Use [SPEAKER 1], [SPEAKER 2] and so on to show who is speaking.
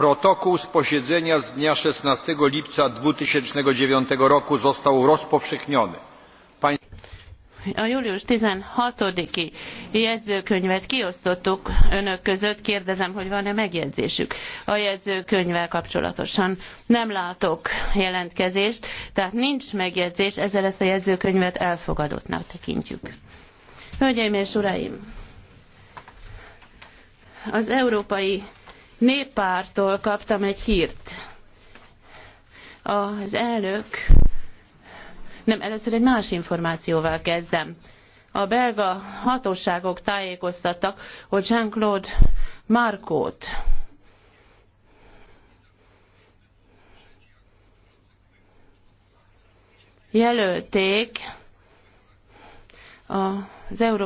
[SPEAKER 1] Protokół z posiedzenia z dnia 16 lipca 2009 roku został rozpowszechniony. Pań...
[SPEAKER 2] A július 16-i jegyzőkönyvet kiosztottuk önök között, kérdezem, hogy van-e megjegyzésük a jegyzőkönyvvel kapcsolatosan. Nem látok jelentkezést, tehát nincs megjegyzés, ezzel ezt a jegyzőkönyvet elfogadottnak tekintjük. Hölgyeim és uraim! Az Európai néppártól kaptam egy hírt. Az elnök, nem, először egy más információval kezdem. A belga hatóságok tájékoztattak, hogy Jean-Claude Markót
[SPEAKER 3] jelölték
[SPEAKER 4] az Európai